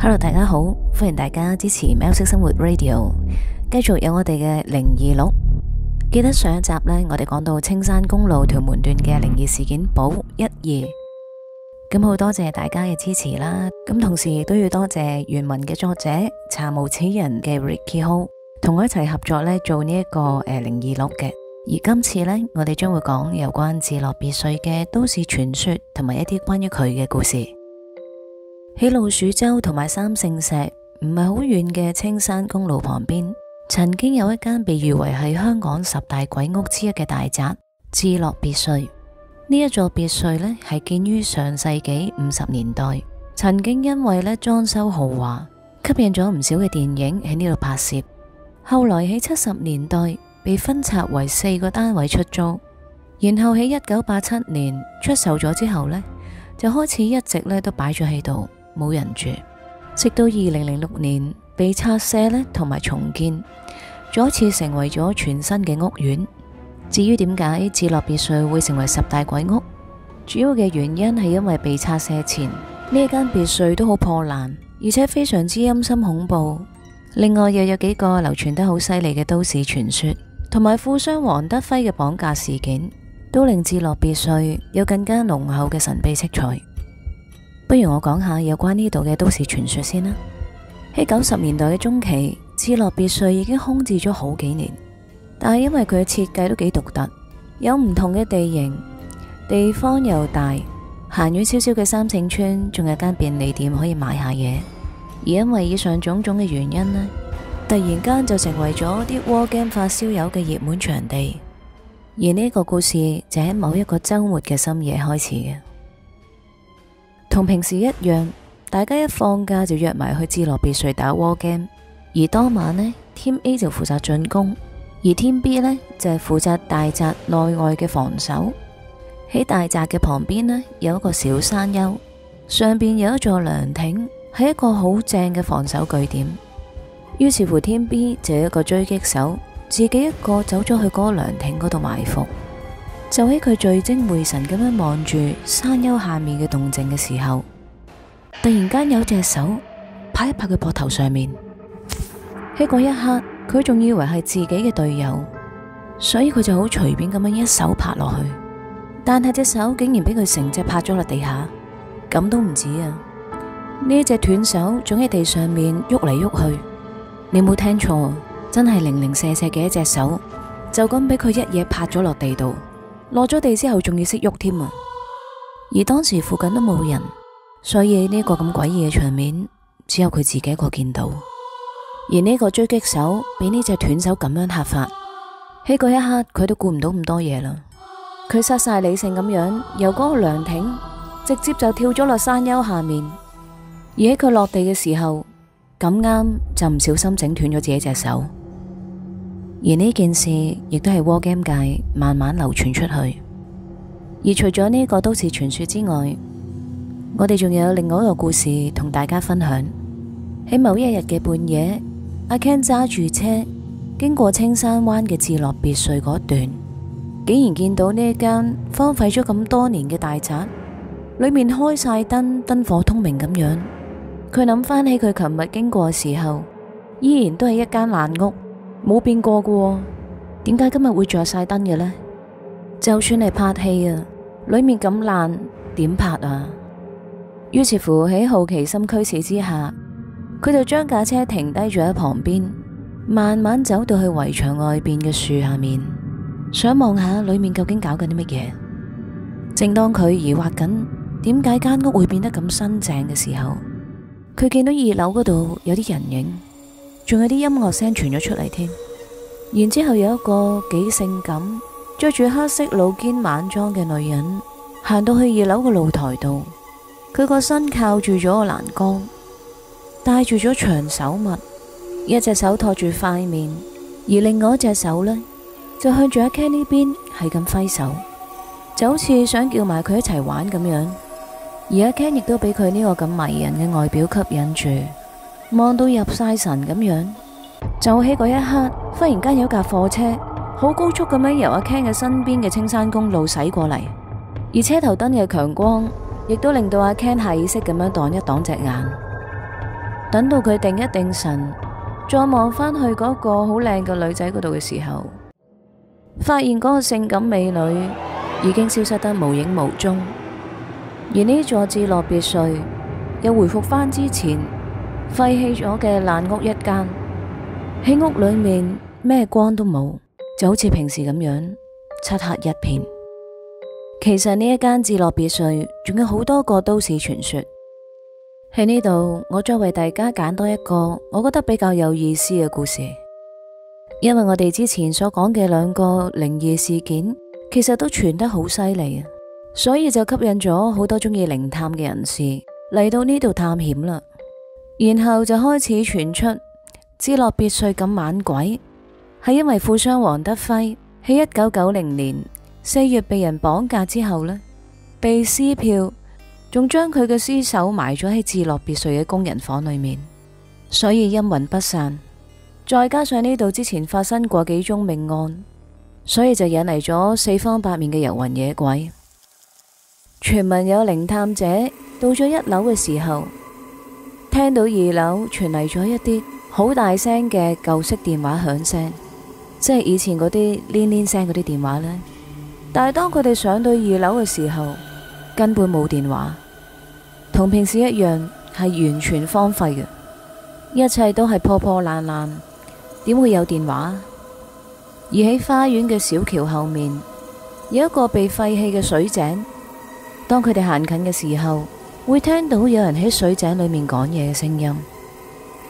Hello，大家好，歡迎大家支持喵式生活 Radio，繼續有我哋嘅靈異錄。記得上一集呢，我哋講到青山公路屯門段嘅靈異事件簿一二，咁好多謝大家嘅支持啦。咁同時亦都要多謝原文嘅作者查無此人嘅 Ricky Ho，同我一齊合作呢，做呢、這、一個誒靈異錄嘅。而今次呢，我哋將會講有關志樂別墅嘅都市傳說同埋一啲關於佢嘅故事。喺老鼠洲同埋三聖石唔係好遠嘅青山公路旁邊，曾經有一間被譽為係香港十大鬼屋之一嘅大宅——志樂別墅。呢一座別墅呢，係建於上世紀五十年代，曾經因為呢裝修豪華，吸引咗唔少嘅電影喺呢度拍攝。後來喺七十年代被分拆為四個單位出租，然後喺一九八七年出售咗之後呢，就開始一直呢都擺咗喺度。冇人住，直到二零零六年被拆卸呢同埋重建，再次成為咗全新嘅屋苑。至於點解志樂別墅會成為十大鬼屋，主要嘅原因係因為被拆卸前呢間別墅都好破爛，而且非常之陰森恐怖。另外又有幾個流傳得好犀利嘅都市傳說，同埋富商王德輝嘅綁架事件，都令志樂別墅有更加濃厚嘅神秘色彩。不如我講下有關呢度嘅都市傳說先啦。喺九十年代嘅中期，志樂別墅已經空置咗好幾年，但係因為佢嘅設計都幾獨特，有唔同嘅地形，地方又大，行遠少少嘅三聖村仲有間便利店可以買下嘢。而因為以上種種嘅原因呢，突然間就成為咗啲 War Game 發燒友嘅熱門場地。而呢個故事就喺某一個周末嘅深夜開始嘅。同平時一樣，大家一放假就約埋去志樂別墅打 war game。而當晚呢，Team A 就負責進攻，而 Team B 呢就係負責大宅內外嘅防守。喺大宅嘅旁邊呢，有一個小山丘，上邊有一座涼亭，係一個好正嘅防守據點。於是乎，Team B 就一個追擊手，自己一個走咗去嗰個涼亭嗰度埋伏。就喺佢聚精會神咁樣望住山丘下面嘅動靜嘅時候，突然間有隻手拍一拍佢膊頭上面。喺嗰一刻，佢仲以為係自己嘅隊友，所以佢就好隨便咁樣一手拍落去。但係隻手竟然俾佢成隻拍咗落地下，咁都唔止啊！呢隻斷手仲喺地上面喐嚟喐去。你冇聽錯，真係零零舍舍嘅一隻手，就咁俾佢一嘢拍咗落地度。落咗地之後仲要識喐添啊！而當時附近都冇人，所以呢個咁詭異嘅場面只有佢自己一個見到。而呢個狙擊手俾呢隻斷手咁樣嚇法，喺嗰一刻佢都顧唔到咁多嘢啦。佢殺晒理性咁樣，由嗰個涼亭直接就跳咗落山丘下面。而喺佢落地嘅時候咁啱就唔小心整斷咗自己隻手。而呢件事亦都係 WarGame 界慢慢流傳出去。而除咗呢個都市傳說之外，我哋仲有另外一個故事同大家分享。喺某一日嘅半夜，阿 Ken 揸住車經過青山灣嘅智樂別墅嗰段，竟然見到呢一間荒廢咗咁多年嘅大宅，裏面開晒燈，燈火通明咁樣。佢諗翻起佢琴日經過嘅時候，依然都係一間爛屋。冇變過嘅，點解今日會着晒燈嘅呢？就算係拍戲啊裏面咁爛，點拍啊？於是乎喺好奇心驅使之下，佢就將架車停低咗喺旁邊，慢慢走到去圍牆外邊嘅樹下面，想望下裏面究竟搞緊啲乜嘢。正當佢疑惑緊點解間屋會變得咁新淨嘅時候，佢見到二樓嗰度有啲人影。仲有啲音樂聲傳咗出嚟添，然之後有一個幾性感、着住黑色露肩晚裝嘅女人行到去二樓嘅露台度，佢個身靠住咗個欄杆，戴住咗長手襪，一隻手托住塊面，而另外一隻手呢，就向住阿 Ken 呢邊係咁揮手，就好似想叫埋佢一齊玩咁樣。而阿 Ken 亦都俾佢呢個咁迷人嘅外表吸引住。望到入晒神咁樣，就喺嗰一刻，忽然間有架貨車好高速咁樣由阿 Ken 嘅身邊嘅青山公路駛過嚟，而車頭燈嘅強光，亦都令到阿 Ken 下意識咁樣擋一擋隻眼。等到佢定一定神，再望返去嗰個好靚嘅女仔嗰度嘅時候，發現嗰個性感美女已經消失得無影無蹤，而呢座志樂別墅又回復返之前。廢棄咗嘅爛屋一間，喺屋裏面咩光都冇，就好似平時咁樣漆黑一片。其實呢一間志樂別墅仲有好多個都市傳說喺呢度，我再為大家揀多一個我覺得比較有意思嘅故事。因為我哋之前所講嘅兩個靈異事件其實都傳得好犀利啊，所以就吸引咗好多鍾意靈探嘅人士嚟到呢度探險啦。然後就開始傳出，志樂別墅咁猛鬼，係因為富商王德輝喺一九九零年四月被人綁架之後呢，被撕票，仲將佢嘅屍首埋咗喺志樂別墅嘅工人房裏面，所以陰魂不散。再加上呢度之前發生過幾宗命案，所以就引嚟咗四方八面嘅遊魂野鬼。傳聞有靈探者到咗一樓嘅時候。聽到二樓傳嚟咗一啲好大聲嘅舊式電話響聲，即係以前嗰啲鈴鈴聲嗰啲電話呢。但係當佢哋上到二樓嘅時候，根本冇電話，同平時一樣係完全荒廢嘅，一切都係破破爛爛，點會有電話？而喺花園嘅小橋後面，有一個被廢棄嘅水井。當佢哋行近嘅時候，會聽到有人喺水井裏面講嘢嘅聲音，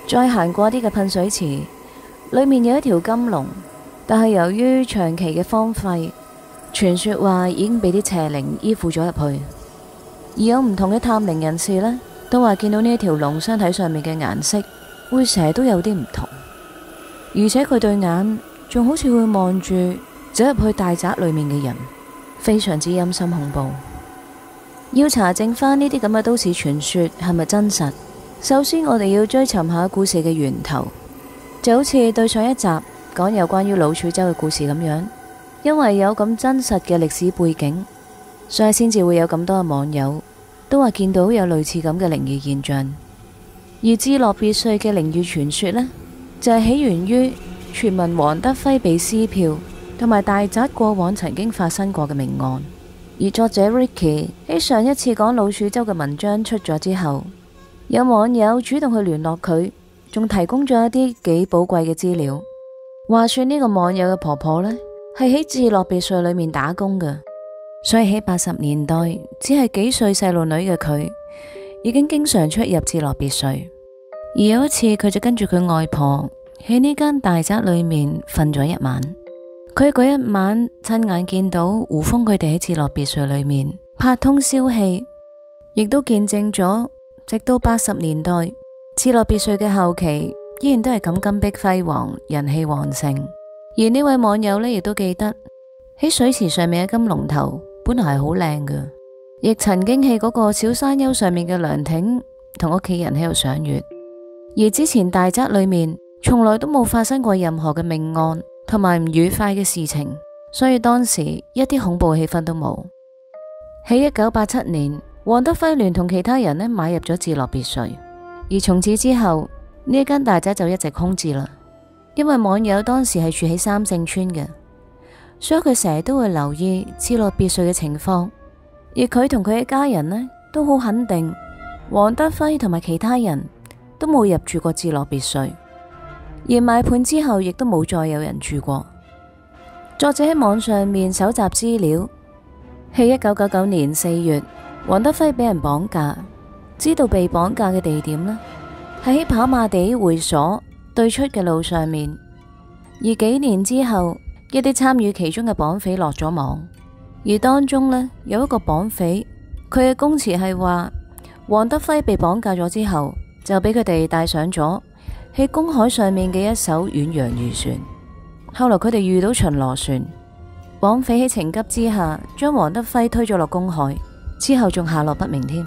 再行過啲嘅噴水池，裏面有一條金龍，但係由於長期嘅荒廢，傳說話已經俾啲邪靈依附咗入去，而有唔同嘅探靈人士呢，都話見到呢一條龍身體上面嘅顏色會成日都有啲唔同，而且佢對眼仲好似會望住走入去大宅裏面嘅人，非常之陰森恐怖。要查證返呢啲咁嘅都市傳說係咪真實，首先我哋要追尋下故事嘅源頭，就好似對上一集講有關於老鼠洲嘅故事咁樣，因為有咁真實嘅歷史背景，所以先至會有咁多嘅網友都話見到有類似咁嘅靈異現象。而志樂別墅嘅靈異傳說呢，就係、是、起源於傳聞王德輝被撕票，同埋大宅過往曾經發生過嘅命案。而作者 Ricky 喺上一次講老鼠洲嘅文章出咗之後，有網友主動去聯絡佢，仲提供咗一啲幾寶貴嘅資料。話說呢個網友嘅婆婆呢，係喺志樂別墅裏面打工嘅，所以喺八十年代，只係幾歲細路女嘅佢，已經經常出入志樂別墅。而有一次，佢就跟住佢外婆喺呢間大宅裏面瞓咗一晚。佢嗰一晚親眼見到胡楓佢哋喺志樂別墅裏面拍通宵戲，亦都見證咗，直到八十年代，志樂別墅嘅後期依然都係咁金碧輝煌、人氣旺盛。而呢位網友呢，亦都記得喺水池上面嘅金龍頭本來係好靚嘅，亦曾經喺嗰個小山丘上面嘅涼亭同屋企人喺度賞月。而之前大宅裏面從來都冇發生過任何嘅命案，同埋唔愉快嘅事情，所以當時一啲恐怖氣氛都冇。喺一九八七年，王德輝聯同其他人呢買入咗志樂別墅，而從此之後呢間大宅就一直空置啦。因為網友當時係住喺三聖村嘅，所以佢成日都會留意志樂別墅嘅情況。而佢同佢一家人呢都好肯定，王德輝同埋其他人都冇入住過志樂別墅。而買盤之後，亦都冇再有人住過。作者喺網上面搜集資料，喺一九九九年四月，王德輝俾人綁架，知道被綁架嘅地點呢，係喺跑馬地會所對出嘅路上面。而幾年之後，一啲參與其中嘅綁匪落咗網，而當中呢，有一個綁匪，佢嘅供詞係話，王德輝被綁架咗之後，就俾佢哋帶上咗。喺公海上面嘅一艘遠洋漁船，後來佢哋遇到巡邏船，綁匪喺情急之下將王德輝推咗落公海，之後仲下落不明添。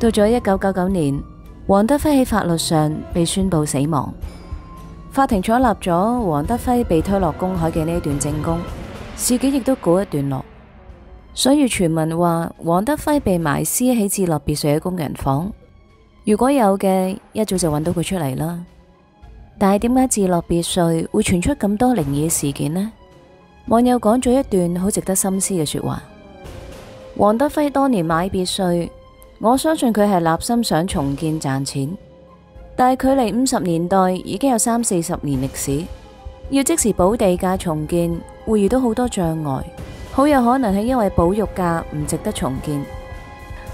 到咗一九九九年，王德輝喺法律上被宣佈死亡，法庭採納咗王德輝被推落公海嘅呢一段證供，事件亦都告一段落。所以傳聞話王德輝被埋屍喺志樂別墅嘅工人房，如果有嘅一早就揾到佢出嚟啦。但係點解志樂別墅會傳出咁多靈異事件呢？網友講咗一段好值得深思嘅說話：王德輝當年買別墅，我相信佢係立心想重建賺錢，但係距離五十年代已經有三四十年歷史，要即時補地價重建會遇到好多障礙，好有可能係因為保育價唔值得重建，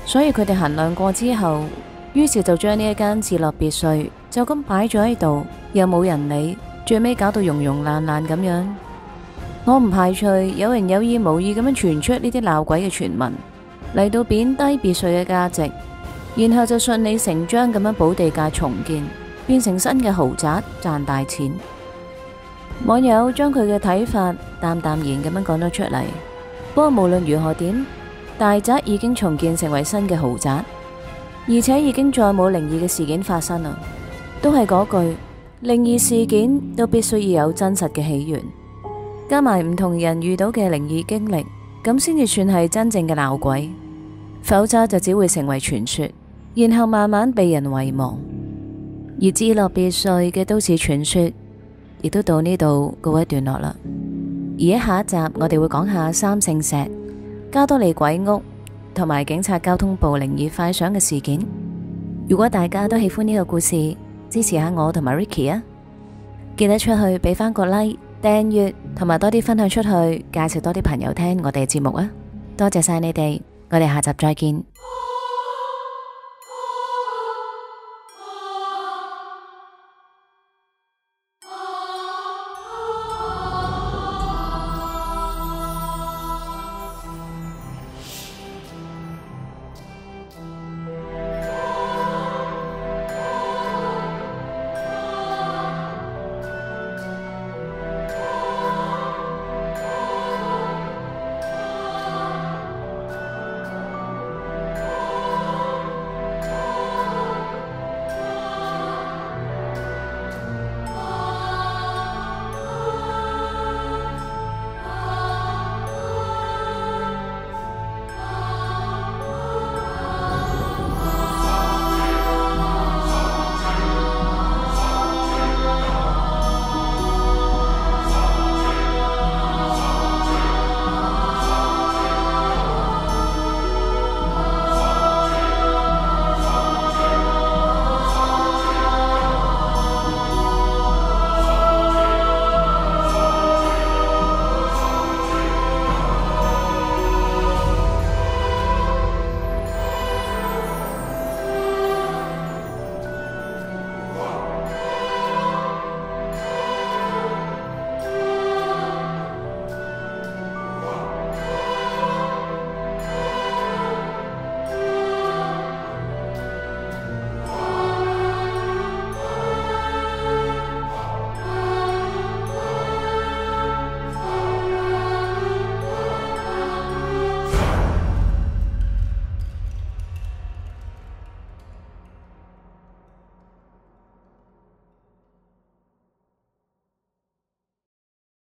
所以佢哋衡量過之後。於是就將呢一間志樂別墅就咁擺咗喺度，又冇人理，最尾搞到融融爛爛咁樣。我唔排除有人有意無意咁樣傳出呢啲鬧鬼嘅傳聞嚟到貶低別墅嘅價值，然後就順理成章咁樣補地價重建，變成新嘅豪宅賺大錢。網友將佢嘅睇法淡淡然咁樣講咗出嚟。不過無論如何點，大宅已經重建成為新嘅豪宅。而且已經再冇靈異嘅事件發生啦，都係嗰句，靈異事件都必須要有真實嘅起源，加埋唔同人遇到嘅靈異經歷，咁先至算係真正嘅鬧鬼，否則就只會成為傳說，然後慢慢被人遺忘。而志樂別墅嘅都市傳說，亦都到呢度告一段落啦。而喺下一集，我哋會講下三聖石加多利鬼屋。同埋警察交通部靈異快想嘅事件。如果大家都喜歡呢個故事，支持下我同埋 Ricky 啊！記得出去俾翻個 like 訂閱同埋多啲分享出去，介紹多啲朋友聽我哋嘅節目啊！多謝晒你哋，我哋下集再見。